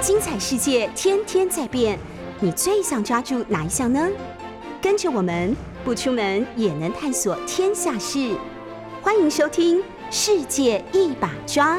精彩世界天天在變，你最想抓住哪一項呢？跟着我們不出門也能探索天下事，歡迎收聽《世界一把抓》。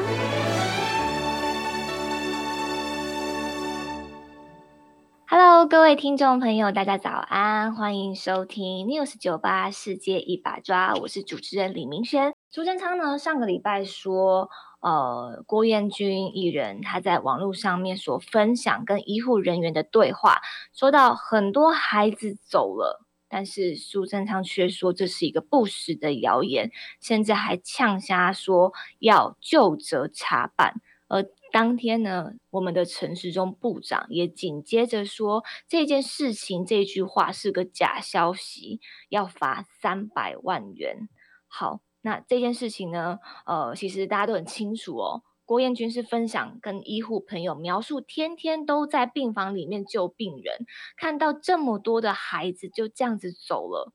Hello，各位聽眾朋友，大家早安，歡迎收聽 News 九八《世界一把抓》，我是主持人李明璇。朱振昌呢，上個禮拜說。呃，郭彥均藝人他在網絡上面所分享跟醫護人員的對話，說到很多孩子走了，但是蘇貞昌卻說這是一個不實的謠言，甚至還嗆瞎說要究責查辦。而當天呢，我們的陳時中部長也緊接着說這件事情這句話是個假消息，要罰三百萬元。好。那這件事情呢，呃，其實大家都很清楚哦，郭彥均是分享跟醫護朋友描述，天天都在病房裡面救病人，看到這麼多的孩子就這樣子走了。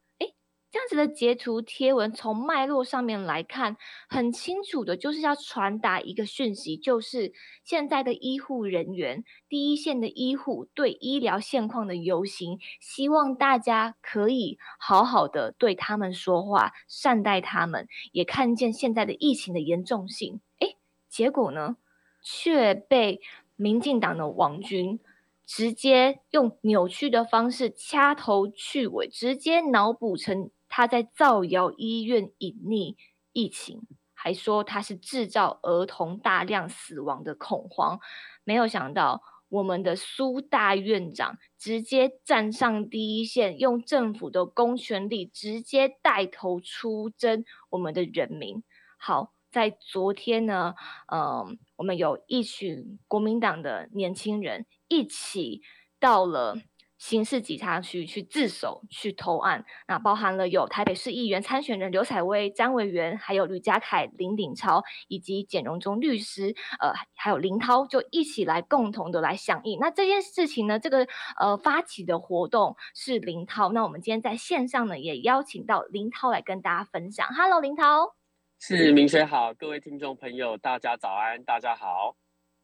這樣子的截圖貼文，從脈絡上面來看，很清楚的就是要傳達一個訊息，就是現在的醫護人員第一線的醫護對醫療現況的遊行，希望大家可以好好的對他們說話，善待他們，也看見現在的疫情的嚴重性。誒、欸，結果呢，卻被民進黨的網軍直接用扭曲的方式掐頭去尾，直接腦補成。他在造謠醫院隱匿疫情，還說他是製造兒童大量死亡的恐慌。沒有想到，我們的蘇大院長直接站上第一線，用政府的公權力直接帶頭出征我們的人民。好在昨天呢，嗯、呃，我們有一群國民黨的年輕人一起到了。刑事警察局去自首去投案，那包含了有台北市議員參選人劉彩薇、詹為元，還有呂家凱、林鼎超，以及簡榮忠律師，呃，還有凌濤就一起來共同的來響應。那這件事情呢，這個呃發起的活動是凌濤。那我們今天在線上呢也邀請到凌濤來跟大家分享。Hello，凌濤，是，明璇好，各位聽眾朋友，大家早安，大家好。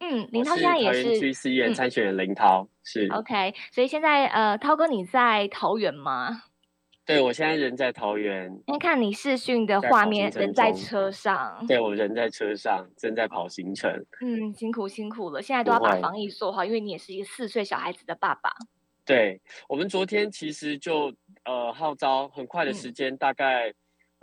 嗯，凌濤現在也是，是桃園區市議員參選，凌濤、嗯、是。OK，所以現在呃，濤哥你在桃園嗎？對，我現在人在桃園。你、哦、看你視訊的畫面，人在車上。對，我人在車上，正在跑行程。嗯，辛苦辛苦了，現在都要把防疫做好，因為你也是一個四歲小孩子的爸爸。對，我們昨天其實就、嗯、呃號召，很快的時間、嗯，大概。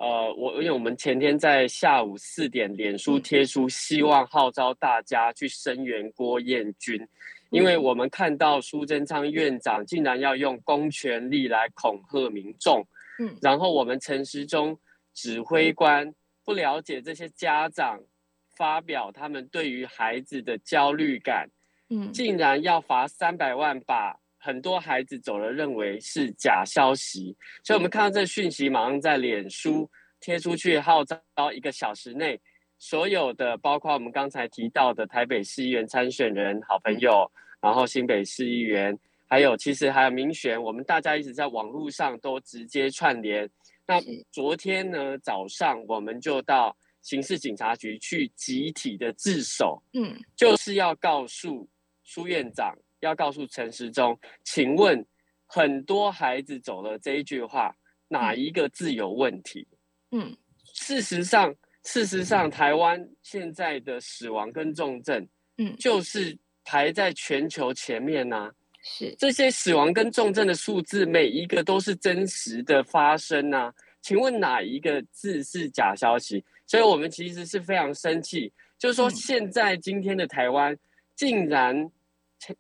呃，我因為我們前天在下午四點書書，臉書貼出希望號召大家去聲援郭彥均、嗯。因為我們看到蘇貞昌院長竟然要用公權力來恐嚇民眾，嗯，然後我們陳時中指揮官不了解這些家長發表他們對於孩子的焦慮感，嗯，竟然要罰三百萬吧。很多孩子走了，認為是假消息，所以我們看到這訊息，馬上在臉書貼出去，號召一個小時內，所有的包括我們剛才提到的台北市議員參選人、好朋友，然後新北市議員，還有其實還有民選，我們大家一直在網絡上都直接串聯。那昨天呢早上，我們就到刑事警察局去集體的自首，嗯，就是要告訴蘇院長。要告訴陳時中，請問很多孩子走了，這一句話哪一個字有問題？嗯，嗯，事實上，事實上，台灣現在的死亡跟重症，嗯，就是排在全球前面呢、啊。是這些死亡跟重症的數字，每一個都是真實的發生呢、啊。請問哪一個字是假消息？所以我們其實是非常生氣，就是說現在今天的台灣、嗯、竟然。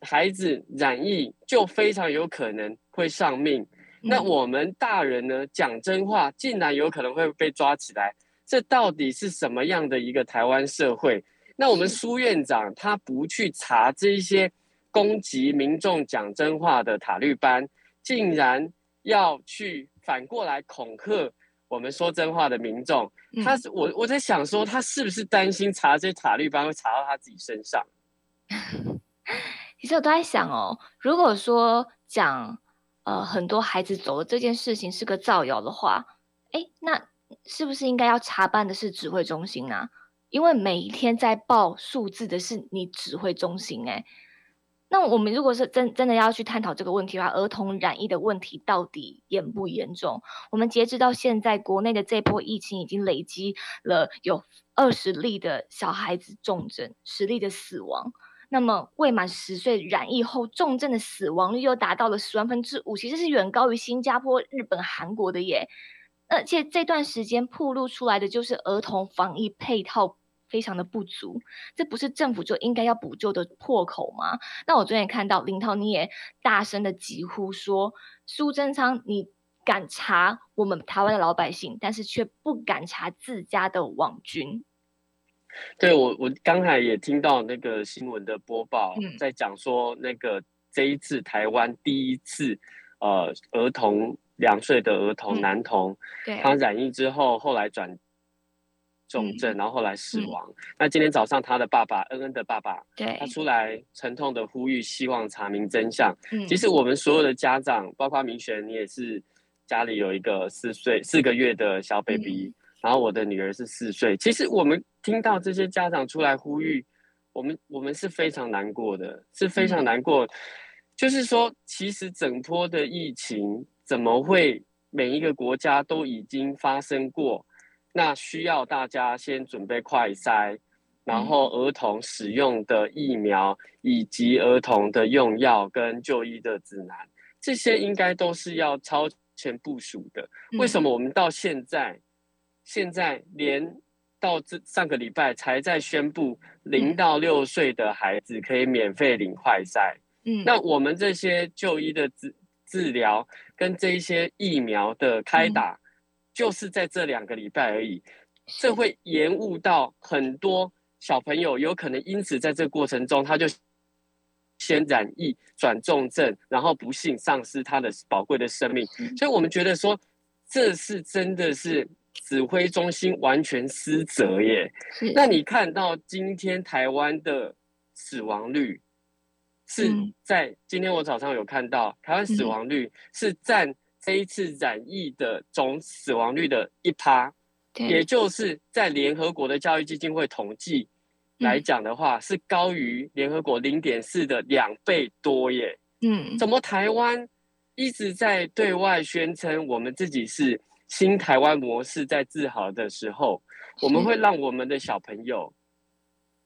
孩子染疫就非常有可能會喪命，那我們大人呢？講真話竟然有可能會被抓起來，這到底是什麼樣的一個台灣社會？那我們蘇院長他不去查這些攻擊民眾講真話的塔綠班，竟然要去反過來恐嚇我們說真話的民眾，他是我我在想說，他是不是擔心查這些塔綠班會查到他自己身上？ 其實我都在想哦，如果說講呃，很多孩子走了這件事情是個造謠的話，誒，那是不是應該要查辦的是指揮中心啊？因為每一天在報數字的是你指揮中心誒、欸，那我們如果是真真的要去探討這個問題的話，兒童染疫的問題到底嚴不嚴重？我們截止到現在，國內的這波疫情已經累積了有二十例的小孩子重症，十例的死亡。那麼未滿十歲染疫後重症的死亡率又達到了十萬分之五，其實是遠高於新加坡、日本、韓國的耶。而且這段時間暴露出來的就是兒童防疫配套非常的不足，這不是政府就應該要補救的破口嗎？那我昨天也看到凌濤你也大聲的疾呼說，蘇貞昌你敢查我們台灣的老百姓，但是卻不敢查自家的網軍。對我，我剛才也聽到那個新聞的播報，在講說那個這一次台灣第一次，嗯、呃，兒童兩歲的兒童、嗯、男童，他染疫之後，後來轉重症、嗯，然後後來死亡、嗯嗯。那今天早上他的爸爸恩恩的爸爸，對他出來沉痛的呼籲，希望查明真相、嗯。其實我們所有的家長，包括明璇，你也是家裡有一個四歲四個月的小 baby、嗯。嗯然後我的女兒是四歲。其實我們聽到這些家長出來呼籲，我們我們是非常難過的是非常難過、嗯。就是說，其實整波的疫情怎麼會每一個國家都已經發生過？那需要大家先準備快篩，然後兒童使用的疫苗、嗯、以及兒童的用藥跟就醫的指南，這些應該都是要超前部署的。為什麼我們到現在？嗯現在連到這上個禮拜才在宣布,零到六歲的孩子可以免費領快篩。那我們這些就醫的治治療跟這一些疫苗的開打，就是在這兩個禮拜而已，這會延誤到很多小朋友，有可能因此在這個過程中，他就先染疫轉重症，然後不幸喪失他的寶貴的生命。所以，我們覺得說，這是真的是。指揮中心完全失責耶！那你看到今天台灣的死亡率是在今天我早上有看到台灣死亡率是佔這一次染疫的總死亡率的一趴，也就是在聯合國的教育基金會統計來講的話，是高於聯合國零點四的兩倍多耶。嗯，怎麼台灣一直在對外宣稱我們自己是？新台灣模式在自豪的時候的，我們會讓我們的小朋友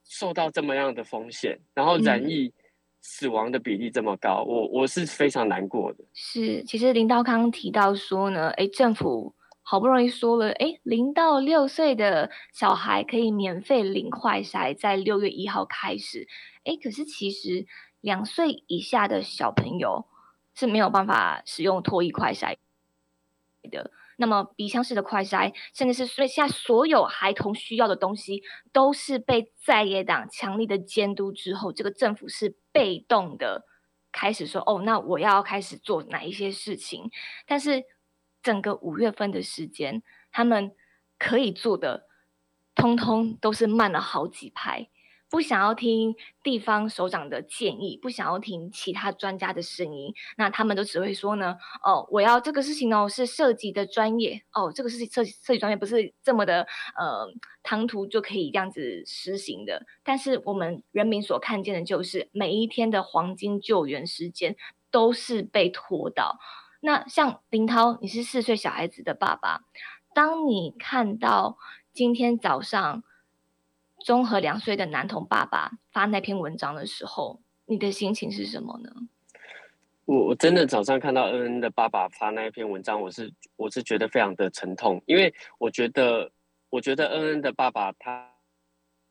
受到這麼樣的風險，然後染疫死亡的比例這麼高，嗯、我我是非常難過的。是，其實凌濤剛提到說呢，誒、欸，政府好不容易說了，誒、欸，零到六歲的小孩可以免費領快篩，在六月一號開始，誒、欸，可是其實兩歲以下的小朋友是沒有辦法使用唾液快篩的。那麼鼻腔式的快篩，甚至是所以現在所有孩童需要的東西，都是被在野黨強力的監督之後，這個政府是被動的開始說，哦，那我要開始做哪一些事情，但是整個五月份的時間，他們可以做的，通通都是慢了好幾拍。不想要聽地方首長的建議，不想要聽其他專家的聲音，那他們都只會說呢，哦，我要這個事情哦是涉及的專業哦，這個是涉及涉及專業不是這麼的呃，唐突就可以這樣子實行的。但是我們人民所看見的就是，每一天的黃金救援時間都是被拖到。那像凌濤，你是四歲小孩子的爸爸，當你看到今天早上。中和兩歲的男童爸爸發那篇文章的時候，你的心情是什麼呢？我我真的早上看到恩恩的爸爸發那篇文章，我是我是覺得非常的沉痛，因為我覺得我覺得恩恩的爸爸他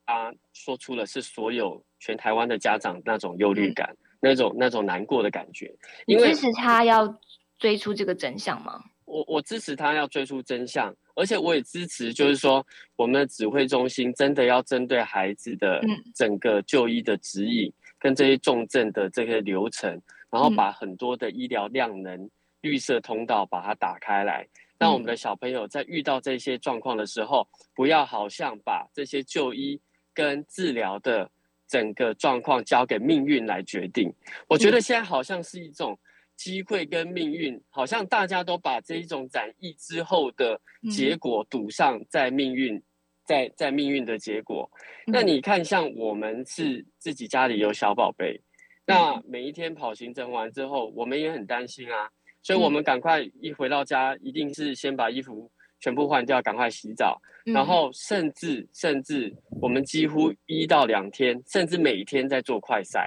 他說出了是所有全台灣的家長那種憂慮感、嗯，那種那種難過的感覺。你支持他要追出這個真相嗎？我我支持他要追出真相，而且我也支持，就是說我們的指揮中心真的要針對孩子的整個就醫的指引、嗯，跟這些重症的這些流程，然後把很多的醫療量能綠色通道把它打開來，讓、嗯、我們的小朋友在遇到這些狀況的時候，不要好像把這些就醫跟治療的整個狀況交給命運來決定。我覺得現在好像是一種。嗯機會跟命運，好像大家都把這一種展翼之後的結果賭上，在命運，嗯、在在命運的結果。嗯、那你看，像我們是自己家裡有小寶貝、嗯，那每一天跑行程完之後，我們也很擔心啊，所以我們趕快一回到家，嗯、一定是先把衣服全部換掉，趕快洗澡，嗯、然後甚至甚至我們幾乎一到兩天，甚至每一天在做快篩，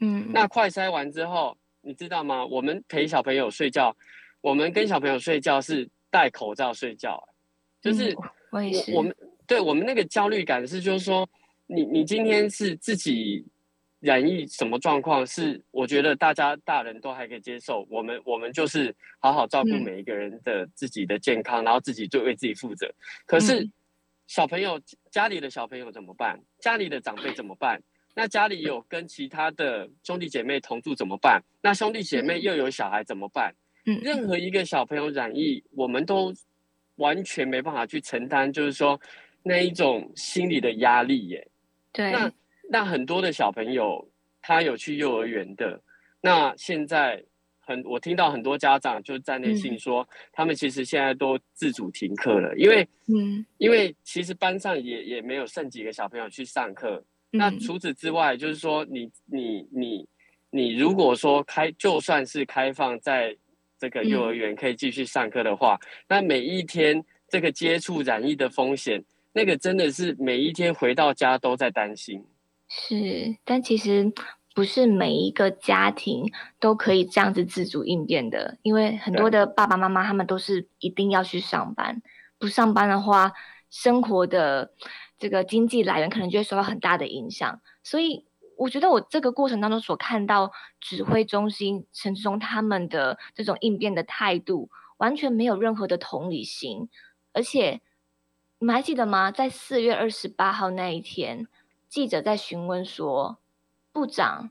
嗯，那快篩完之後。你知道嗎？我們陪小朋友睡覺，我們跟小朋友睡覺是戴口罩睡覺，就是我們、嗯、我們對我們那個焦慮感是，就是說，你你今天是自己染疫什麼狀況？是我覺得大家大人都還可以接受，我們我們就是好好照顧每一個人的自己的健康，嗯、然後自己就為自己負責。可是小朋友家裡的小朋友怎麼辦？家裡的長輩怎麼辦？那家裡有跟其他的兄弟姐妹同住怎麼辦？那兄弟姐妹又有小孩怎麼辦？任何一個小朋友染疫，我們都完全沒辦法去承擔，就是說那一種心理的壓力耶、欸。對。那那很多的小朋友他有去幼兒園的，那現在很我聽到很多家長就在內信說、嗯，他們其實現在都自主停課了，因為嗯，因為其實班上也也沒有剩幾個小朋友去上課。那除此之外，就是說你，你你你你如果說開，就算是開放在這個幼兒園可以繼續上課的話，嗯，那每一天這個接觸染疫的風險，那個真的是每一天回到家都在擔心。是，但其實不是每一個家庭都可以這樣子自主應變的，因為很多的爸爸媽媽他們都是一定要去上班，不上班的話，生活的。這個經濟來源可能就會受到很大的影響，所以我覺得我這個過程當中所看到指揮中心陳時中他們的這種應變的態度，完全沒有任何的同理心。而且你們還記得嗎？在四月二十八號那一天，記者在詢問說：“部長，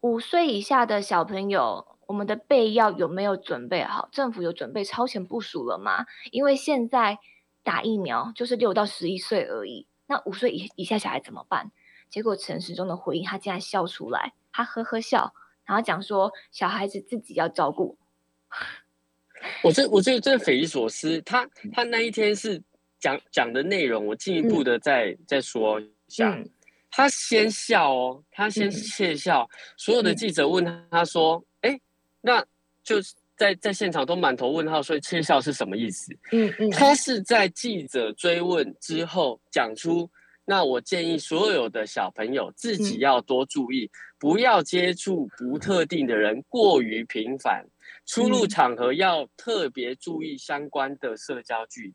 五歲以下的小朋友，我們的備藥有沒有準備好？政府有準備超前部署了嗎？”因為現在。打疫苗就是六到十一歲而已，那五歲以以下小孩怎麼辦？結果陳時中的回應，他竟然笑出來，他呵呵笑，然後講說小孩子自己要照顧。我這我這真匪夷所思。他他那一天是講講的內容，我進一步的再、嗯、再說一下。他先笑哦，他先竊笑、嗯，所有的記者問他，他說：“誒、欸，那就是。”在在現場都滿頭問號，所以竊笑是什麼意思？嗯嗯，他是在記者追問之後講出，那我建議所有的小朋友自己要多注意，嗯、不要接觸不特定的人過於頻繁，出入場合要特別注意相關的社交距離。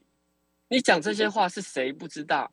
你講這些話是誰不知道？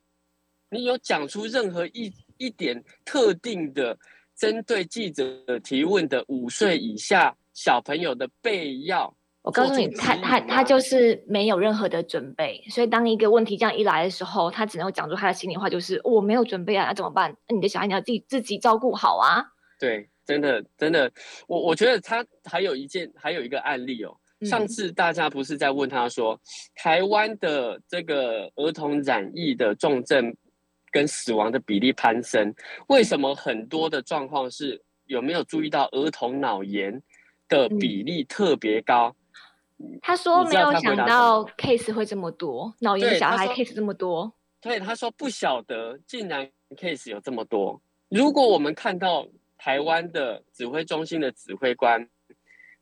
你有講出任何一一點特定的針對記者的提問的五歲以下？小朋友的備藥，我告訴你，他他他就是沒有任何的準備，所以當一個問題這樣一來的時候，他只能夠講出他的心裡話，就是，哦，我沒有準備啊，那，啊，怎麼辦？那你的小孩你要自己自己照顧好啊。對，真的真的，我我覺得他還有一件還有一個案例哦，嗯，上次大家不是在問他說，台灣的這個兒童染疫的重症跟死亡的比例攀升，為什麼很多的狀況是有沒有注意到兒童腦炎？的比例特別高。嗯、他說沒有想到 case 會這麼多，腦炎小孩 case 這麼多，嗯對。對，他說不曉得竟然 case 有這麼多，嗯。如果我們看到台灣的指揮中心的指揮官，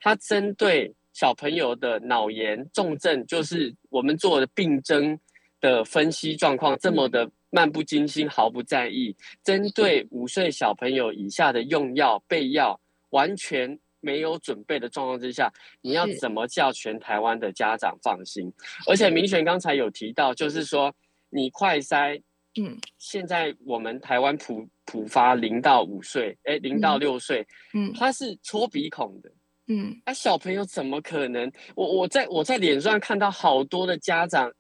他針對小朋友的腦炎重症，嗯、就是我們做的病徵的分析狀況，嗯、這麼的漫不經心、毫不在意，嗯、針對五歲小朋友以下的用藥備藥完全。沒有準備的狀況之下，你要怎麼叫全台灣的家長放心？而且明璇剛才有提到，就是說你快篩。嗯，現在我們台灣普普發零到五歲，哎，零到六歲、嗯，他是戳鼻孔的，嗯，哎、啊，小朋友怎麼可能？我我在我在臉上看到好多的家長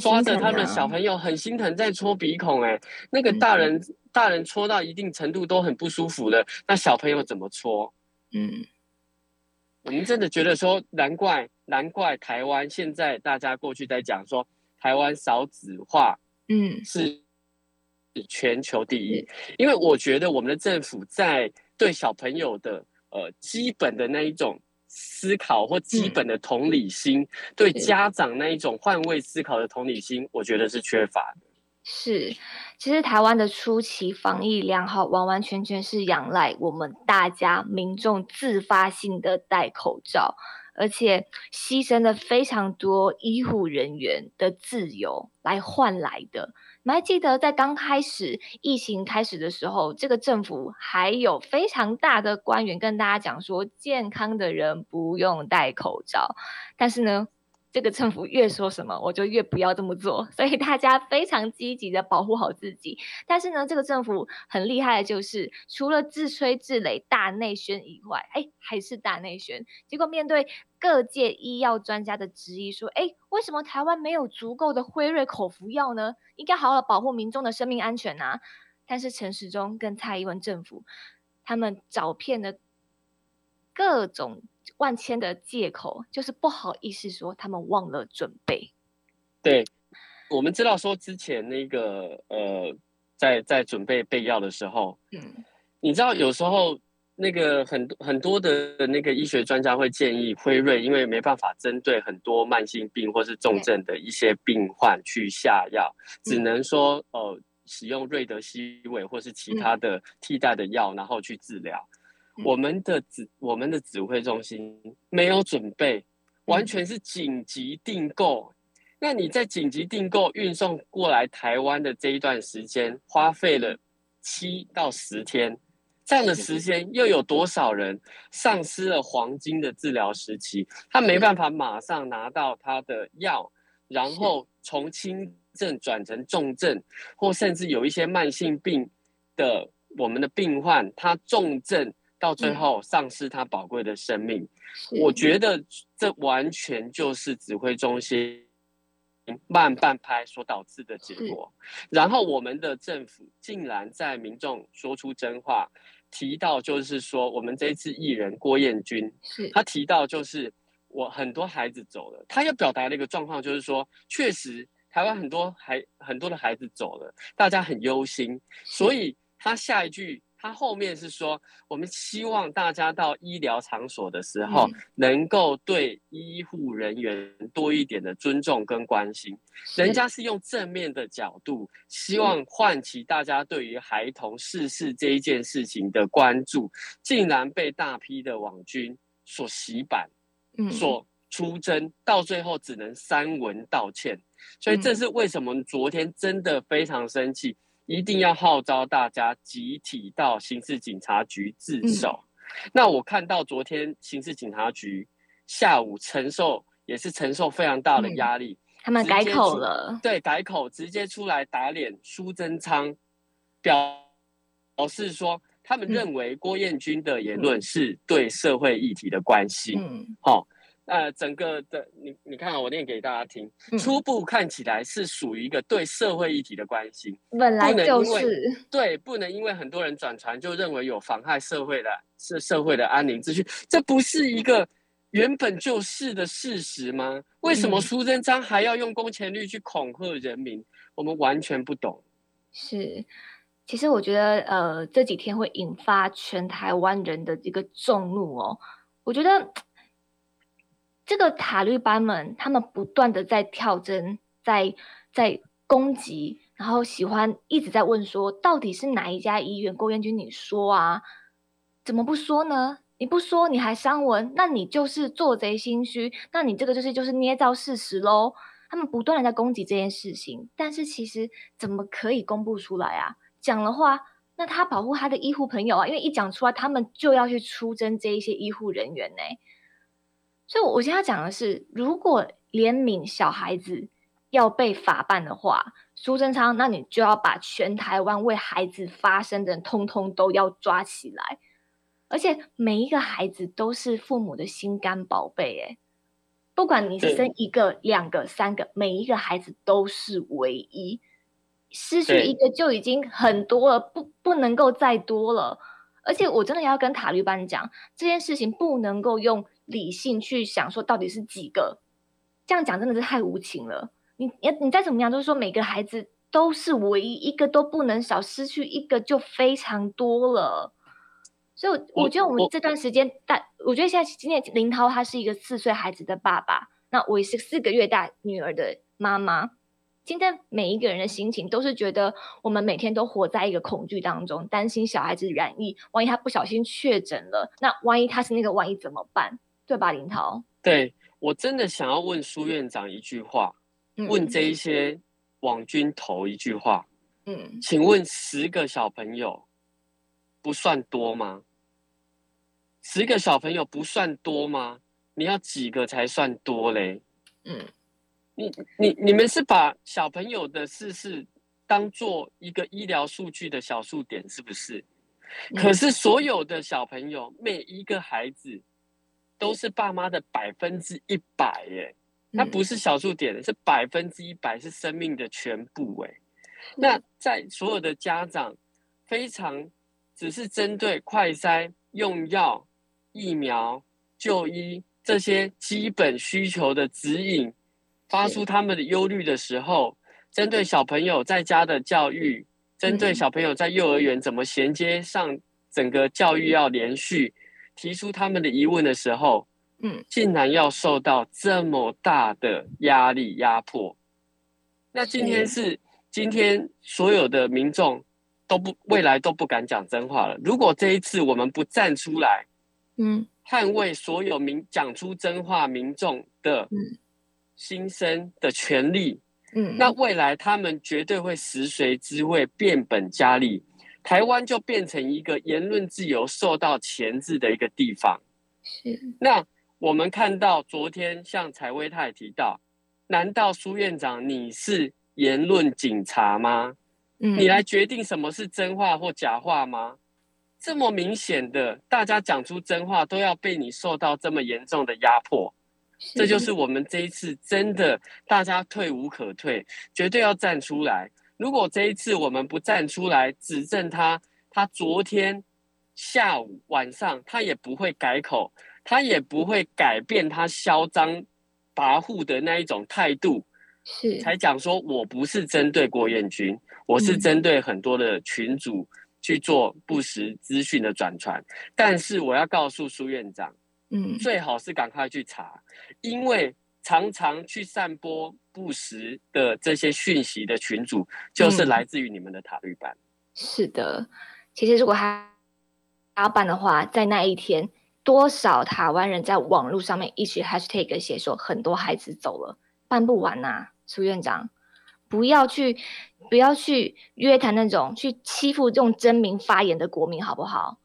抓着他們小朋友，很心疼在戳鼻孔、欸，哎、嗯，那個大人大人戳到一定程度都很不舒服的，那小朋友怎麼戳？嗯。我們真的覺得說難，難怪難怪台灣現在大家過去在講說，台灣少子化，嗯，是全球第一。因為我覺得我們的政府在對小朋友的呃基本的那一種思考或基本的同理心，對家長那一種換位思考的同理心，我覺得是缺乏的。是，其實台灣的初期防疫良好，完完全全是仰賴我們大家民眾自發性的戴口罩，而且犧牲了非常多醫護人員的自由來換來的。你還記得在剛開始疫情開始的時候，這個政府還有非常大的官員跟大家講說，健康的人不用戴口罩，但是呢，這個政府越說什麼，我就越不要這麼做。所以大家非常積極的保護好自己。但是呢，這個政府很厲害的就是，除了自吹自擂，大內宣以外，哎，還是大內宣。結果面對各界醫藥專家的質疑，說：“哎，為什麼台灣沒有足夠的輝瑞口服藥呢？應該好好保護民眾的生命安全吶，啊！”但是陳時中跟蔡英文政府，他們找遍了各種。萬千的借口就是不好意思說他們忘了準備。對，我們知道說之前那個呃，在在準備備藥的時候，嗯，你知道有時候那個很很多的那個醫學專家會建議輝瑞，因為沒辦法針對很多慢性病或是重症的一些病患去下藥，嗯、只能說呃使用瑞德西韋或是其他的替代的藥，嗯、然後去治療。我們的指我們的指揮中心沒有準備，完全是緊急訂購。那你在緊急訂購、運送過來台灣的這一段時間，花費了七到十天，這樣的時間又有多少人喪失了黃金的治療時期？他沒辦法馬上拿到他的藥，然後從輕症轉成重症，或甚至有一些慢性病的我們的病患，他重症。到最後，喪失他寶貴的生命，我覺得這完全就是指揮中心慢半拍所導致的結果。然後，我們的政府竟然在民眾說出真話，提到就是說，我們這一次藝人郭彥均，是他提到就是我很多孩子走了，他要表達的一個狀況，就是說，確實台灣很多孩很多的孩子走了，大家很憂心。所以他下一句。他後面是說，我們希望大家到醫療場所的時候，嗯，能夠對醫護人員多一點的尊重跟關心。人家是用正面的角度，希望喚起大家對於孩童逝世這一件事情的關注，竟然被大批的網軍所洗版，嗯，所出征，到最後只能刪文道歉。所以這是為什麼昨天真的非常生氣。嗯嗯一定要號召大家集體到刑事警察局自首、嗯。那我看到昨天刑事警察局下午承受也是承受非常大的壓力。嗯、他們改口了，對，改口直接出來打臉蘇貞昌，表表示說他們認為郭彥均的言論是對社會議題的關係。嗯，好、嗯。哦呃，整個的你，你看啊，我念給大家聽。初步看起來是屬於一個對社會議題的關心，本來就是對，不能因為很多人轉傳就認為有妨害社會的，是社會的安寧秩序，這不是一個原本就是的事實嗎？為什麼蘇貞昌還要用公權力去恐嚇人民、嗯？我們完全不懂。是，其實我覺得，呃，這幾天會引發全台灣人的一個眾怒哦。我覺得。嗯這個塔綠班們，他們不斷的在跳針，在在攻擊，然後喜歡一直在問說，到底是哪一家醫院？郭彥均，你說啊，怎麼不說呢？你不說，你還刪文，那你就是做賊心虛，那你這個就是就是捏造事實嘍。他們不斷的在攻擊這件事情，但是其實怎麼可以公布出來啊？講的話，那他保護他的醫護朋友啊，因為一講出來，他們就要去出征這一些醫護人員呢、欸。所以我現在講的是，如果憐憫小孩子要被法辦的話，蘇貞昌，那你就要把全台灣為孩子發聲的人，通通都要抓起來。而且每一個孩子都是父母的心肝寶貝，哎，不管你生一個、兩個、三個，每一個孩子都是唯一，失去一個就已經很多了，不不能夠再多了。而且我真的要跟塔綠班講，這件事情不能夠用。理性去想，說到底是幾個？這樣講真的是太無情了。你你你再怎麼樣，都是說每個孩子都是唯一一個，都不能少，失去一個就非常多了。所以我覺得我們這段時間，但我覺得現在今天凌濤他是一個四歲孩子的爸爸，那我也是四個月大女兒的媽媽。今天每一個人的心情都是覺得，我們每天都活在一個恐懼當中，擔心小孩子染疫，萬一他不小心確診了，那萬一他是那個，萬一怎麼辦？對吧，凌濤。對，我真的想要問蘇院長一句話，嗯、問這一些網軍頭一句話，嗯，請問十個小朋友不算多嗎，嗯？十個小朋友不算多嗎？你要幾個才算多嘞？嗯，你你你們是把小朋友的事事當做一個醫療數據的小數點，是不是，嗯？可是所有的小朋友，每一個孩子。都是爸媽的百分之一百耶，那不是小數點，是百分之一百，是生命的全部哎。那在所有的家長，非常只是針對快篩、用藥、疫苗、就醫這些基本需求的指引，發出他們的憂慮的時候，針對小朋友在家的教育，針對小朋友在幼兒園怎麼銜接上整個教育要連續。提出他們的疑問的時候，嗯，竟然要受到這麼大的壓力壓迫。那今天是，嗯，今天所有的民眾都不未來都不敢講真話了。如果這一次我們不站出來，嗯，捍衛所有民講出真話民眾的心聲的權利，嗯，那未來他們絕對會食髓知味，變本加厲。台灣就變成一個言論自由受到鉗制的一個地方。是。那我們看到昨天，像采薇他也提到，難道蘇院長你是言論警察嗎？嗯。你來決定什麼是真話或假話嗎？這麼明顯的，大家講出真話都要被你受到這麼嚴重的壓迫。這就是我們這一次真的，大家退無可退，絕對要站出來。如果這一次我們不站出來指證他，他昨天下午晚上他也不會改口，他也不會改變他囂張跋扈的那一種態度，才講說我不是針對郭彥均，我是針對很多的群主去做不實資訊的轉傳，嗯，但是我要告訴蘇院長，嗯，最好是趕快去查，因為。常常去散播不實的這些訊息的群組就是來自於你們的塔利班。嗯、是的，其實如果他要辦的話，在那一天，多少台灣人在網絡上面一起 hashtag 寫說，很多孩子走了，辦不完吶、啊！蘇院長，不要去，不要去約談那種去欺負用真名發言的國民，好不好？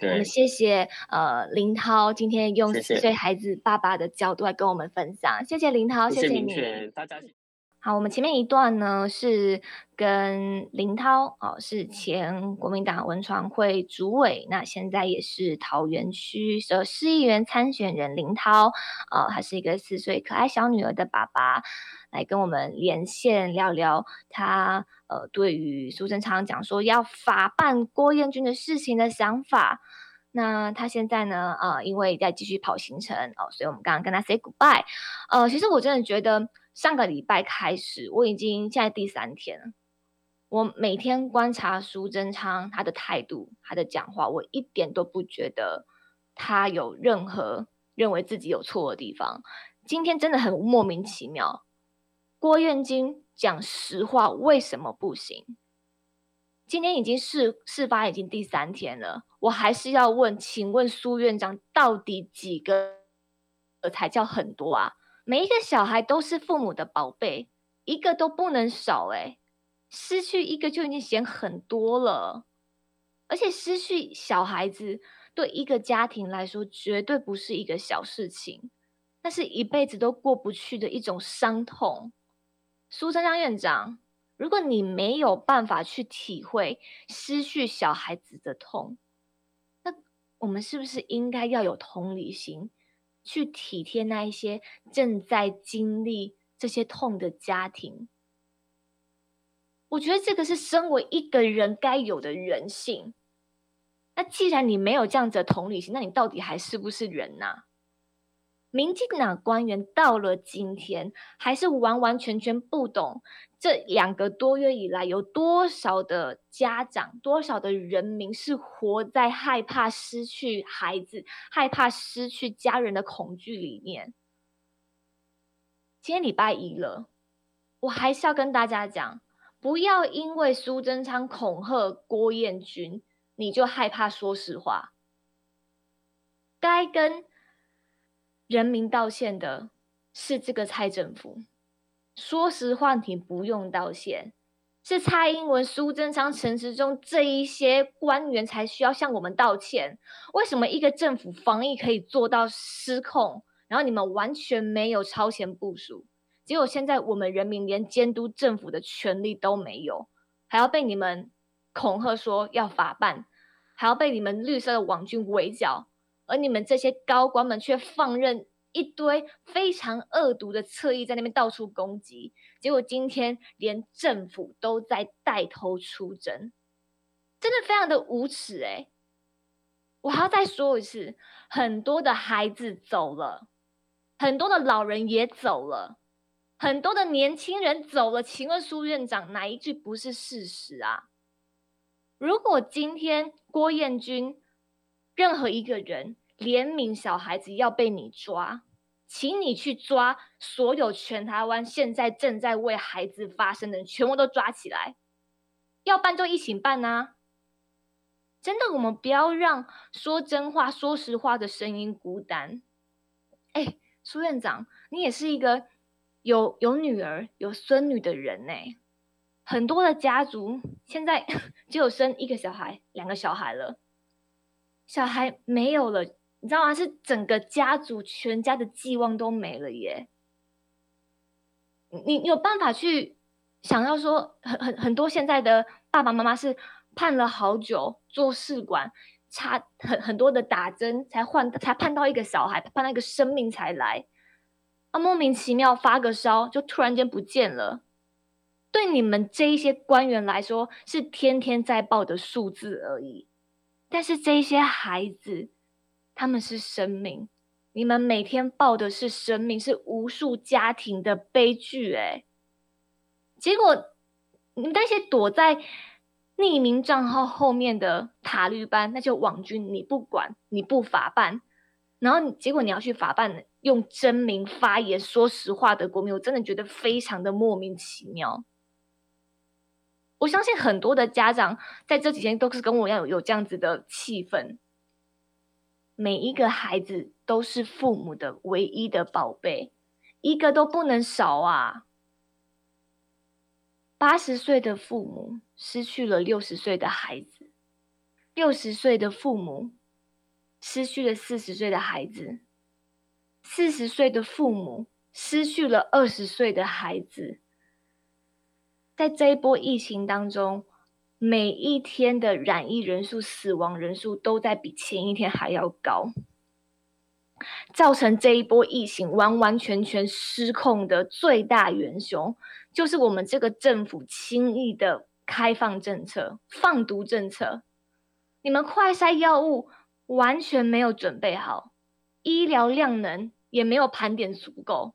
我們謝謝呃凌濤今天用四歲孩子爸爸的角度來跟我們分享，謝謝，謝，謝凌濤謝，謝謝你，大家謝謝好。我們前面一段呢是跟凌濤哦、呃，是前國民黨文傳會主委，那現在也是桃園區的市議員參選人凌濤，啊、呃、還是一個四歲可愛小女兒的爸爸，來跟我們連線聊聊他。呃，對於蘇貞昌講說要法辦郭彥均的事情的想法，那他現在呢？呃，因為在繼續跑行程哦、呃，所以我們剛剛跟他 say goodbye。呃，其實我真的覺得上個禮拜開始，我已經現在第三天，我每天觀察蘇貞昌他的態度，他的講話，我一點都不覺得他有任何認為自己有錯的地方。今天真的很莫名其妙。郭彥均講實話，為什麼不行？今天已經事事發已經第三天了，我還是要問，請問蘇院長，到底幾個才叫很多啊？每一個小孩都是父母的寶貝，一個都不能少，欸。哎，失去一個就已經嫌很多了，而且失去小孩子對一個家庭來說，絕對不是一個小事情，那是一輩子都過不去的一種傷痛。蘇貞昌院長，如果你沒有辦法去體會失去小孩子的痛，那我們是不是應該要有同理心，去體貼那一些正在經歷這些痛的家庭？我覺得這個是身為一個人該有的人性。那既然你沒有這樣子的同理心，那你到底還是不是人呢、啊？民進黨官員到了今天，還是完完全全不懂，這兩個多月以來，有多少的家長，多少的人民是活在害怕失去孩子、害怕失去家人的恐懼裡面。今天禮拜一了，我還是要跟大家講，不要因為蘇貞昌恐嚇郭彥均，你就害怕說實話。該跟人民道歉的是這個蔡政府。說實話，你不用道歉，是蔡英文、蘇貞昌、陳時中這一些官員才需要向我們道歉。為什麼一個政府防疫可以做到失控？然後你們完全沒有超前部署，結果現在我們人民連監督政府的權利都沒有，還要被你們恐嚇說要法辦，還要被你們綠色的網軍圍剿。而你們這些高官們卻放任一堆非常惡毒的側翼在那邊到處攻擊，結果今天連政府都在帶頭出征，真的非常的無恥哎、欸！我還要再說一次，很多的孩子走了，很多的老人也走了，很多的年輕人走了。請問蘇院長，哪一句不是事實啊？如果今天郭彥均任何一個人，憐憫小孩子要被你抓，請你去抓所有全台灣現在正在為孩子發聲的人，全部都抓起來。要辦就一起辦吶、啊！真的，我們不要讓說真話、說實話的聲音孤單。哎，蘇院長，你也是一個有有女兒、有孫女的人呢。很多的家族現在只有生一個小孩、兩個小孩了，小孩沒有了。你知道嗎？是整個家族全家的寄望都沒了耶你！你有辦法去想到說，很很很多現在的爸爸媽媽是盼了好久做試管、插很很多的打針，才換，才換，才盼到一個小孩，盼到一個生命才來。啊，莫名其妙發個燒就突然間不見了。對你們這一些官員來說，是天天在報的數字而已。但是這一些孩子。他們是生命，你們每天報的是生命，是無數家庭的悲劇。哎，結果你們那些躲在匿名賬號後面的塔綠班，那些網軍，你不管，你不法辦，然後你結果你要去法辦，用真名發言，說實話的國民，我真的覺得非常的莫名其妙。我相信很多的家長在這幾天都是跟我一樣有，有這樣子的氣憤。每一個孩子都是父母的唯一的寶貝，一個都不能少啊！八十歲的父母失去了六十歲的孩子，六十歲的父母失去了四十歲的孩子，四十歲的父母失去了二十歲的孩子，在這一波疫情當中。每一天的染疫人數、死亡人數都在比前一天還要高，造成這一波疫情完完全全失控的最大元凶，就是我們這個政府輕易的開放政策、放毒政策。你們快篩藥物完全沒有準備好，醫療量能也沒有盤點足夠，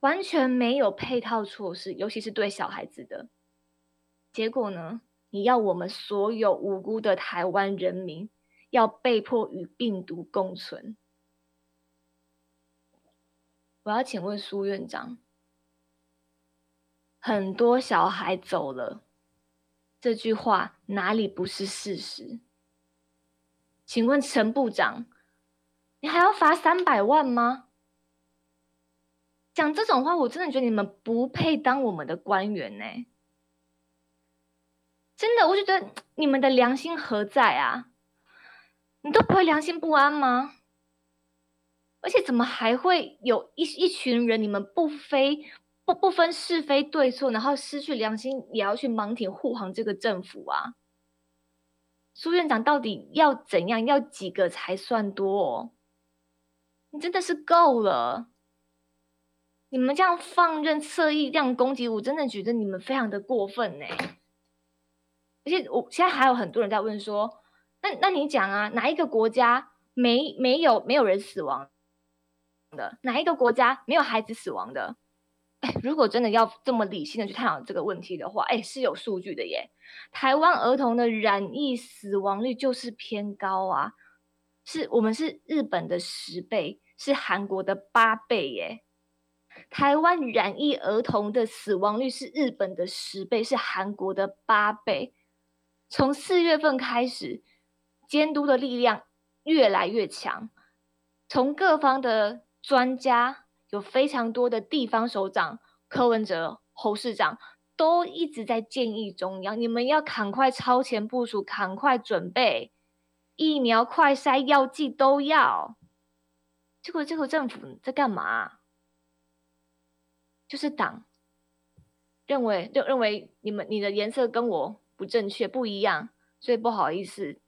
完全沒有配套措施，尤其是對小孩子的。結果呢？你要我們所有無辜的台灣人民要被迫與病毒共存。我要請問蘇院長，很多小孩走了，這句話哪裡不是事實？請問陳部長，你還要罰三百萬嗎？講這種話，我真的覺得你們不配當我們的官員呢。真的，我就覺得你們的良心何在啊？你都不會良心不安嗎？而且怎麼還會有一一群人，你們不非不不分是非對錯，然後失去良心也要去盲挺護航這個政府啊？蘇院長到底要怎樣？要幾個才算多哦？你真的是夠了！你們這樣放任側翼這樣攻擊，我真的覺得你們非常的過分呢欸。其實我現在還有很多人在問說，那那你講啊，哪一個國家沒沒有沒有人死亡的？哪一個國家沒有孩子死亡的？哎，如果真的要這麼理性的去探討這個問題的話，哎，是有數據的耶。台灣兒童的染疫死亡率就是偏高啊，是我們是日本的十倍，是韓國的八倍耶。台灣染疫兒童的死亡率是日本的十倍，是韓國的八倍。從四月份開始，監督的力量越來越強。從各方的專家，有非常多的地方首長，柯文哲、侯市長都一直在建議中央：你們要趕快超前部署，趕快準備疫苗快、快篩藥劑都要。這個這個政府在幹嘛？就是黨認為，認認為你們你的顏色跟我。不正確，不一樣，所以不好意思。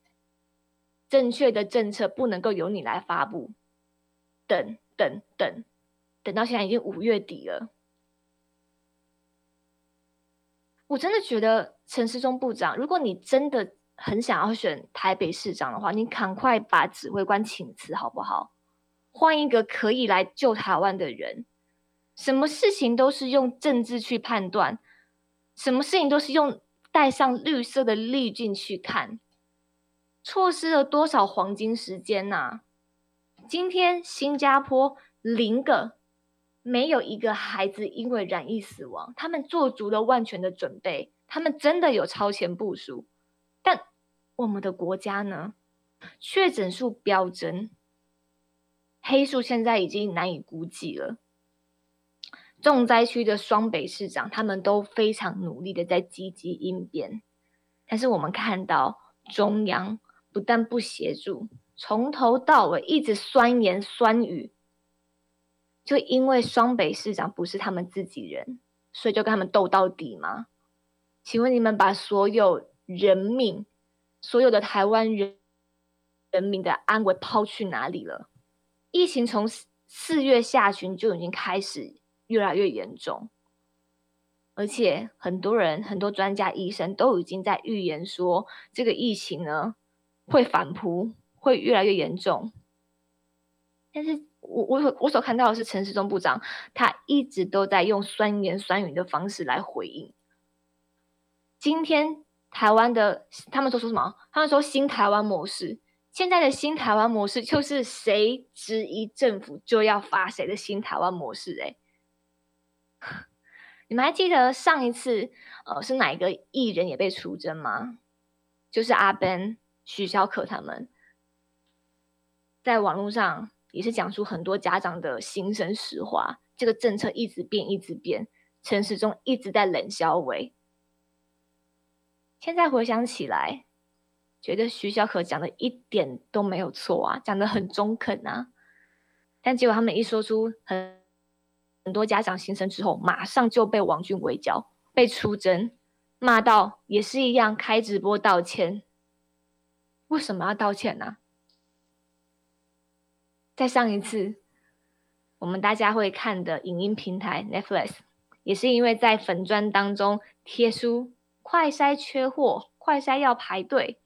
正確的政策不能夠由你來發布，等等等等，等到現在已經五月底了。我真的覺得陳時中部長，如果你真的很想要選台北市長的話，你趕快把指揮官請辭好不好？換一個可以來救台灣的人。什麼事情都是用政治去判斷，什麼事情都是用。帶上綠色的濾鏡去看，錯失了多少黃金時間呢？啊？今天新加坡零個，沒有一個孩子因為染疫死亡，他們做足了萬全的準備，他們真的有超前部署。但我們的國家呢？確診數飆增，黑數現在已經難以估計了。重災區的雙北市長，他們都非常努力地在積極應變，但是我們看到中央不但不協助，從頭到尾一直酸言酸語，就因為雙北市長不是他們自己人，所以就跟他們鬥到底嗎？請問你們把所有人民、所有的台灣人人民的安危拋去哪裡了？疫情從四四月下旬就已經開始，越來越嚴重，而且很多人，很多專家、醫生都已經在預言說，這個疫情呢會反撲，會越來越嚴重。但是我我我所看到的是，陳時中部長他一直都在用酸言酸語的方式來回應。今天台灣的他們說說什麼？他們說新台灣模式，現在的新台灣模式就是誰質疑政府就要罰誰的新台灣模式，欸。誒。 你們還記得上一次，呃，是哪一個藝人也被出征嗎？就是阿 Ben、徐小可他們，在網絡上也是講出很多家長的心聲實話。這個政策一直變，一直變，城市中一直在冷消微。現在回想起來，覺得徐小可講的一點都沒有錯啊，講的很中肯啊。但結果他們一說出很。很多家長形成之後，馬上就被網軍圍剿，被出征罵到也是一樣，開直播道歉。為什麼要道歉呢、啊？在上一次，我們大家會看的影音平台 Netflix，也是因為在粉專當中貼出快篩缺貨，快篩要排隊。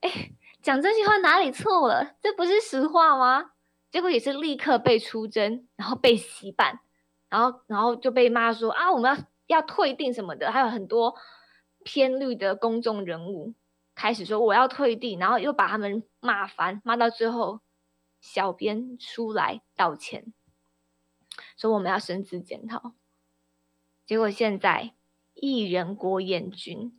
哎，講這句話哪裡錯了？這不是實話嗎？結果也是立刻被出征，然後被洗版，然後然後就被罵說啊，我們要要退訂什麼的，還有很多偏綠的公眾人物開始說，我要退訂，然後又把他們罵翻，罵到最後，小編出來道歉，說我們要深自檢討。結果現在藝人郭彥均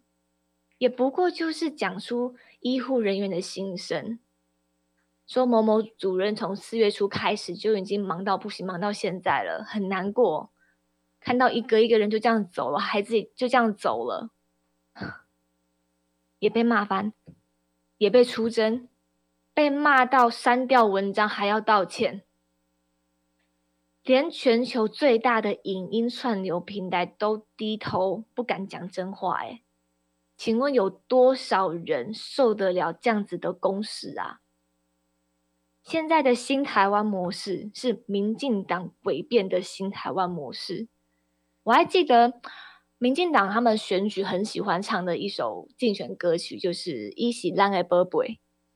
也不過就是講出醫護人員的心聲。說某某主任從四月初開始就已經忙到不行，忙到現在了，很難過。看到一個一個人就這樣走了，孩子也就這樣走了，也被罵翻，也被出征，被罵到刪掉文章還要道歉，連全球最大的影音串流平台都低頭不敢講真話。哎，請問有多少人受得了這樣子的攻勢啊？現在的新台灣模式是民進黨詭辯的新台灣模式。我還記得民進黨他們選舉很喜歡唱的一首競選歌曲，就是《伊是咱的寶貝》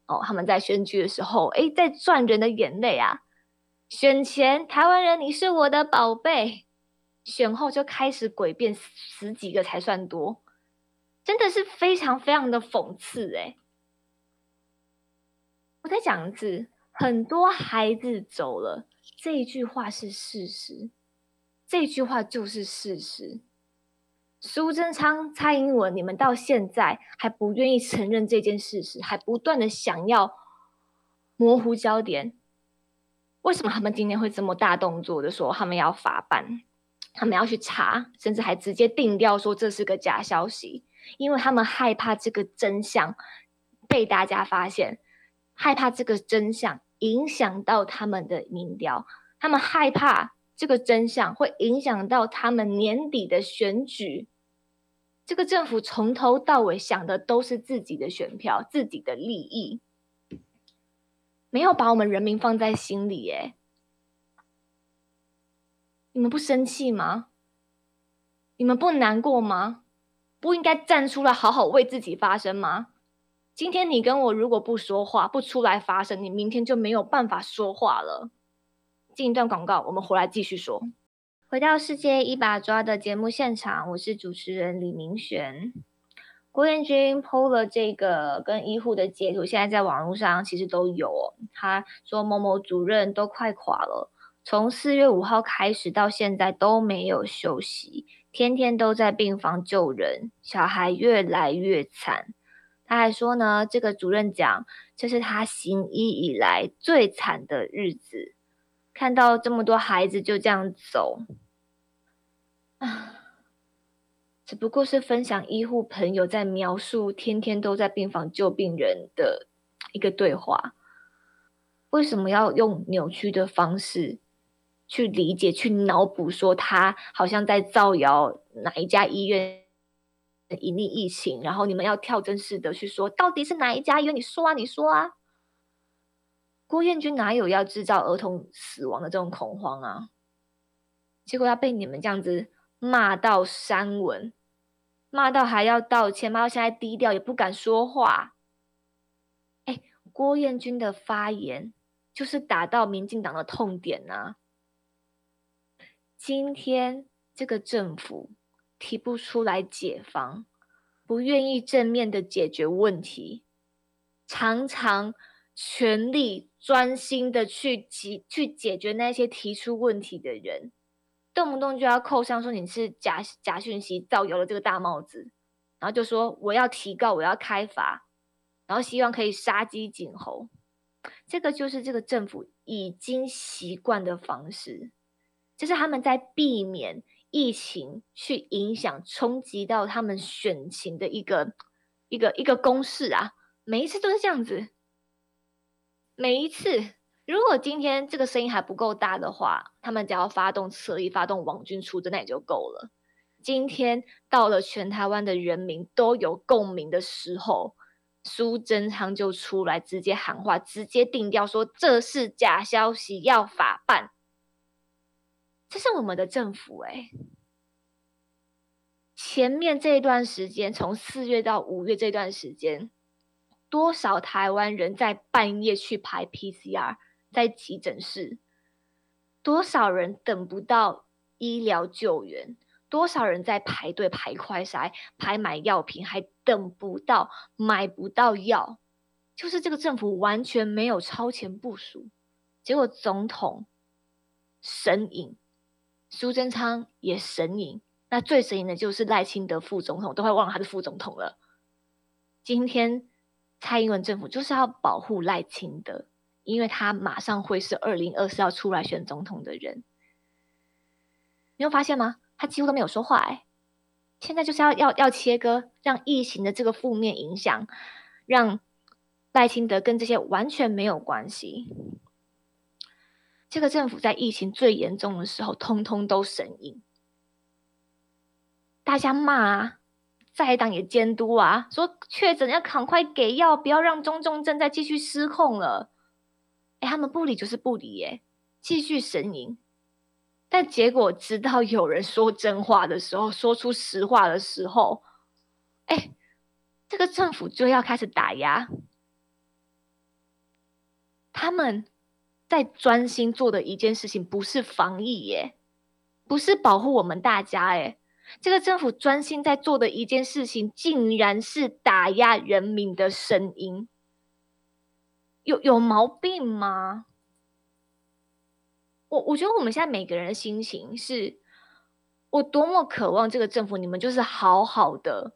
哦。他們在選舉的時候，哎，在賺人的眼淚啊。選前台灣人你是我的寶貝，選後就開始詭辯，十幾個才算多，真的是非常非常的諷刺哎、欸。我再講一次。很多孩子走了，這一句話是事實，這一句話就是事實。蘇貞昌、蔡英文，你們到現在還不願意承認這件事實，還不斷的想要模糊焦點。為什麼他們今天會這麼大動作的說他們要法辦，他們要去查，甚至還直接定調說這是個假消息？因為他們害怕這個真相被大家發現。害怕這個真相影響到他們的民調，他們害怕這個真相會影響到他們年底的選舉。這個政府從頭到尾想的都是自己的選票、自己的利益，沒有把我們人民放在心裡。哎，你們不生氣嗎？你們不難過嗎？不應該站出來好好為自己發聲嗎？今天你跟我如果不說話、不出來發聲，你明天就沒有辦法說話了。進一段廣告，我們回來繼續說。回到世界一把抓的節目現場，我是主持人李明璇。郭彥均 PO 了這個跟醫護的截圖，現在在網絡上其實都有哦。他說：“某某主任都快垮了，從四月五號開始到現在都沒有休息，天天都在病房救人，小孩越來越慘。”他還說呢，這個主任講，這是他行醫以來最慘的日子，看到這麼多孩子就這樣走，啊，只不過是分享醫護朋友在描述天天都在病房救病人的一個對話，為什麼要用扭曲的方式去理解、去腦補，說他好像在造謠哪一家醫院？隱匿疫情，然後你們要跳針式的去說，到底是哪一家醫院？你說啊，你說啊。郭彥均哪有要製造兒童死亡的這種恐慌啊？結果要被你們這樣子罵到刪文，罵到還要道歉，罵到現在低調也不敢說話。誒，郭彥均的發言就是打到民進黨的痛點吶、啊。今天這個政府。提不出來解方，解方不願意正面的解決問題，常常全力專心的去解去解決那些提出問題的人，動不動就要扣上說你是假假訊息，造謠的這個大帽子，然後就說我要提告，我要開罰，然後希望可以殺雞儆猴，這個就是這個政府已經習慣的方式，就是他們在避免。疫情去影響衝擊到他們選情的一個一個一個公式啊，每一次都是這樣子。每一次，如果今天這個聲音還不夠大的話，他們只要發動側翼、發動網軍出征，那也就夠了。今天到了全台灣的人民都有共鳴的時候，蘇貞昌就出來直接喊話，直接定調說這是假消息，要法辦。這是我們的政府哎、欸，前面這一段時間，從四月到五月這段時間，多少台灣人在半夜去排 PCR，在急診室，多少人等不到醫療救援，多少人在排隊排快篩，排買藥品還等不到買不到藥，就是這個政府完全沒有超前部署，結果總統神隱。蘇貞昌也神隱，那最神隱的就是賴清德副總統，都快忘了他是副總統了。今天蔡英文政府就是要保護賴清德，因為他馬上會是二零二四要出來選總統的人。你有發現嗎？他幾乎都沒有說話、欸。哎，現在就是要要要切割，讓疫情的這個負面影響，讓賴清德跟這些完全沒有關係。這個政府在疫情最嚴重的時候，通通都神隱。大家罵啊，在野黨也監督啊，說確診要趕快給藥，不要讓中重症再繼續失控了。哎，他們不理就是不理，耶，繼續神隱。但結果，直到有人說真話的時候，說出實話的時候，哎，這個政府就要開始打壓他們。在專心做的一件事情，不是防疫耶，不是保護我們大家耶。這個政府專心在做的一件事情，竟然是打壓人民的聲音，有有毛病嗎？我我覺得我們現在每個人的心情是，我多麼渴望這個政府，你們就是好好的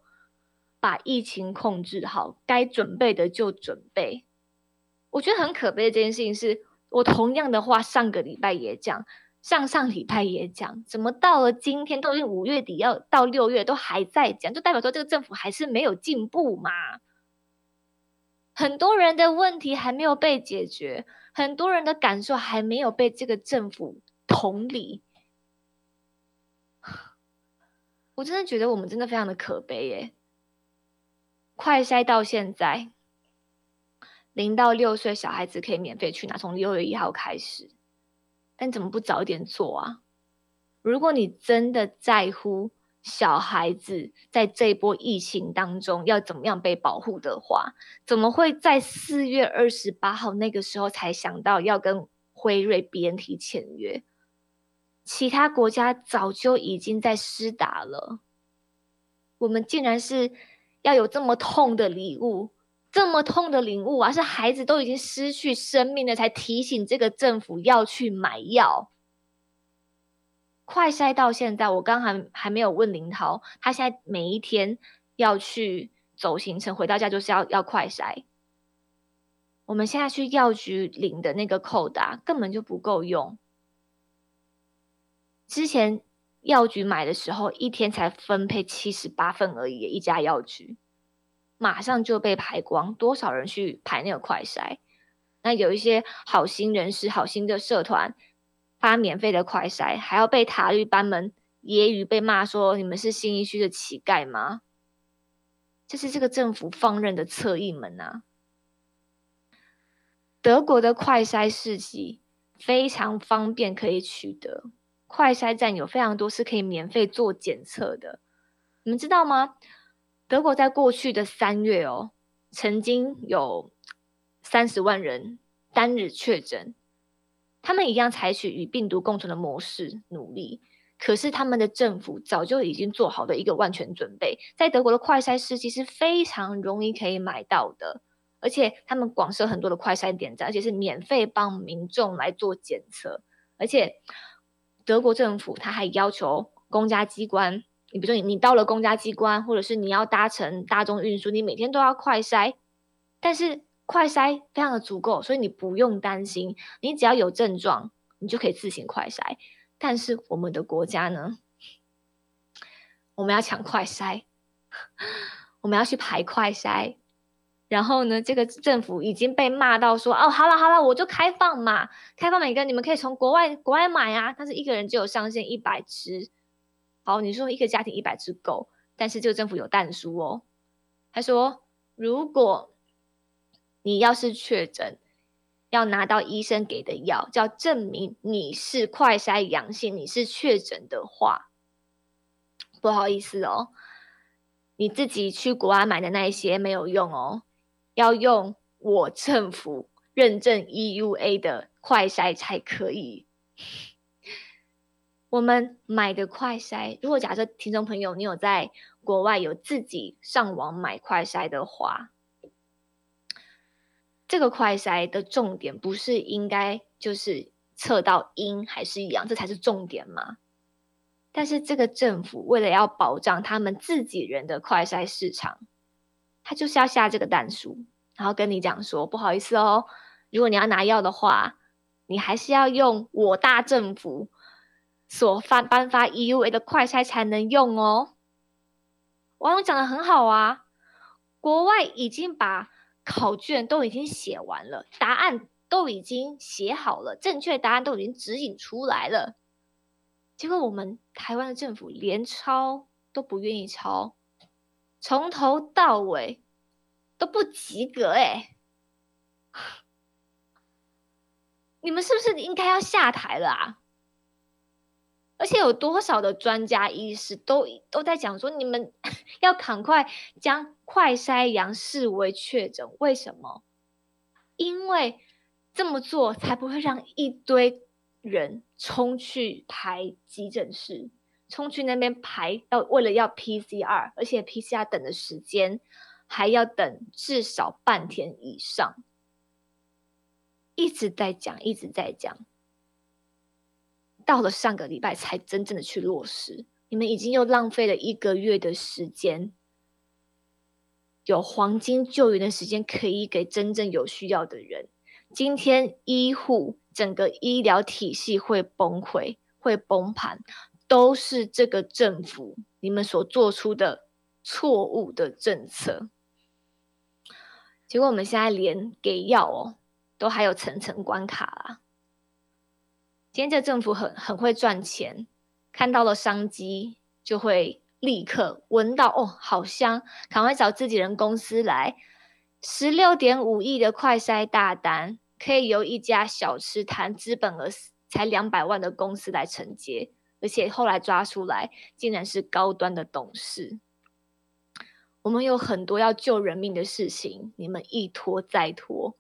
把疫情控制好，該準備的就準備。我覺得很可悲的這件事情是。我同樣的話，上個禮拜也講，上上禮拜也講，怎麼到了今天都已經五月底要，要到六月都還在講，就代表說這個政府還是沒有進步嘛？很多人的問題還沒有被解決，很多人的感受還沒有被這個政府同理。我真的覺得我們真的非常的可悲耶！快篩到現在，零到六歲小孩子可以免費去拿，從六月一號開始。但怎麼不早點做啊？如果你真的在乎小孩子在這波疫情當中要怎麼樣被保護的話，怎麼會在四月二十八號那個時候才想到要跟輝瑞、BNT 簽約？其他國家早就已經在施打了，我們竟然是要有這麼痛的禮物。這麼痛的領悟而、啊、是孩子都已經失去生命了，才提醒這個政府要去買藥。快篩到現在，我剛還還沒有問凌濤，他現在每一天要去走行程，回到家就是要要快篩。我們現在去藥局領的那個扣打根本就不夠用，之前藥局買的時候，一天才分配七十八份而已，一家藥局。馬上就被排光，多少人去排那個快篩？那有一些好心人士、好心的社團發免費的快篩，還要被塔綠班們揶揄、被罵說你們是新一區的乞丐嗎？這是這個政府放任的側翼們啊。德國的快篩試劑非常方便可以取得，快篩站有非常多是可以免費做檢測的，你們知道嗎？德國在過去的三月哦，曾經有三十萬人單日確診，他們一樣採取與病毒共存的模式努力，可是他們的政府早就已經做好了一個萬全準備，在德國的快篩試劑是非常容易可以買到的，而且他們廣設很多的快篩點站，而且是免費幫民眾來做檢測，而且德國政府他還要求公家機關。你比如說你，你你到了公家機關，或者是你要搭乘大眾運輸，你每天都要快篩，但是快篩非常的足夠，所以你不用擔心，你只要有症狀，你就可以自行快篩。但是我們的國家呢，我們要搶快篩，我們要去排快篩，然後呢，這個政府已經被罵到說，哦，好了好了，我就開放嘛，開放每個你們可以從國外國外買啊，但是一個人只有上限一百隻。好，你說一個家庭一百隻夠，但是這個政府有但書哦。他說，如果你要是確診，要拿到醫生給的藥，就要證明你是快篩陽性，你是確診的話，不好意思哦，你自己去國外買的那一些沒有用哦，要用我政府認證 EUA 的快篩才可以。我們買的快篩，如果假設聽眾朋友你有在國外有自己上網買快篩的話，這個快篩的重點不是應該就是測到陰還是陽，這才是重點嗎？但是這個政府為了要保障他們自己人的快篩市場，他就是要下這個但書，然後跟你講說不好意思哦，如果你要拿藥的話，你還是要用我大政府。所發頒發 EUA 的快篩才能用哦。網友講的很好啊！國外已經把考卷都已經寫完了，答案都已經寫好了，正確答案都已經指引出來了。結果我們台灣的政府連抄都不願意抄，從頭到尾都不及格哎，欸！你們是不是應該要下台了啊？而且有多少的專家醫師都都在講說，你們要趕快將快篩陽視為確診。為什麼？因為這麼做才不會讓一堆人衝去排急診室，衝去那邊排要為了要 PCR，而且 PCR 等的時間還要等至少半天以上。一直在講，一直在講。到了上個禮拜才真正的去落實，你們已經又浪費了一個月的時間，有黃金救援的時間可以給真正有需要的人。今天醫護整個醫療體系會崩潰、會崩盤，都是這個政府你們所做出的錯誤的政策。結果我們現在連給藥哦，都還有層層關卡啦。今天這政府很很會賺錢，看到了商機就會立刻聞到哦，好香，趕快找自己人公司來。十六點五億的快篩大單，可以由一家小吃攤資本額才兩百萬的公司來承接，而且後來抓出來竟然是高端的董事。我們有很多要救人命的事情，你們一拖再拖。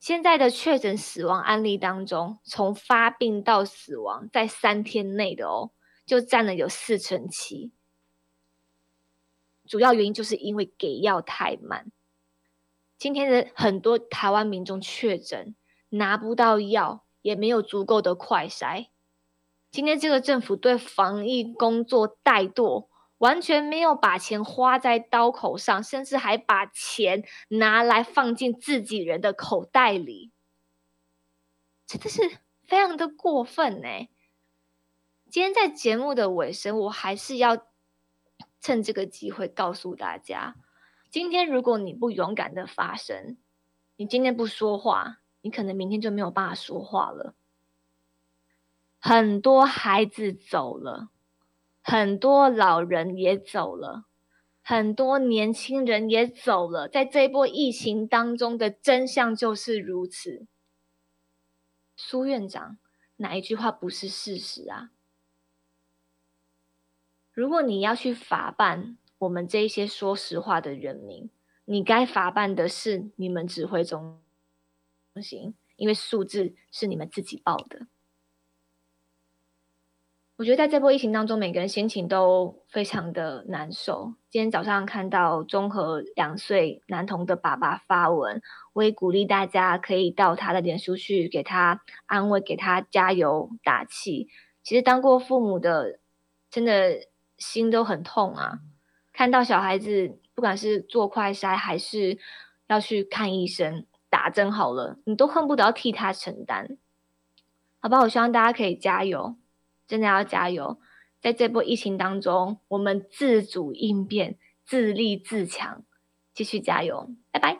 現在的確診死亡案例當中，從發病到死亡在三天內的哦，就佔了有四成七。主要原因就是因為給藥太慢。今天的很多台灣民眾確診拿不到藥，也沒有足夠的快篩。今天這個政府對防疫工作怠惰。完全沒有把錢花在刀口上，甚至還把錢拿來放進自己人的口袋裡，真的是非常的過分呢。今天在節目的尾聲，我還是要趁這個機會告訴大家，今天如果你不勇敢的發聲，你今天不說話，你可能明天就沒有辦法說話了。很多孩子走了。很多老人也走了，很多年輕人也走了，在這一波疫情當中的真相就是如此。蘇院長，哪一句話不是事實啊？如果你要去法辦我們這一些說實話的人民，你該法辦的是你們指揮中心，因為數字是你們自己報的。我覺得在這波疫情當中，每個人心情都非常的難受。今天早上看到中和兩歲男童的爸爸發文，我也鼓勵大家可以到他的臉書去給他安慰、給他加油打氣。其實當過父母的，真的心都很痛啊！看到小孩子不管是做快篩還是要去看醫生、打針好了，你都恨不得要替他承擔。好吧，我希望大家可以加油。真的要加油！在這波疫情當中，我們自主應變、自立自強，繼續加油！拜拜。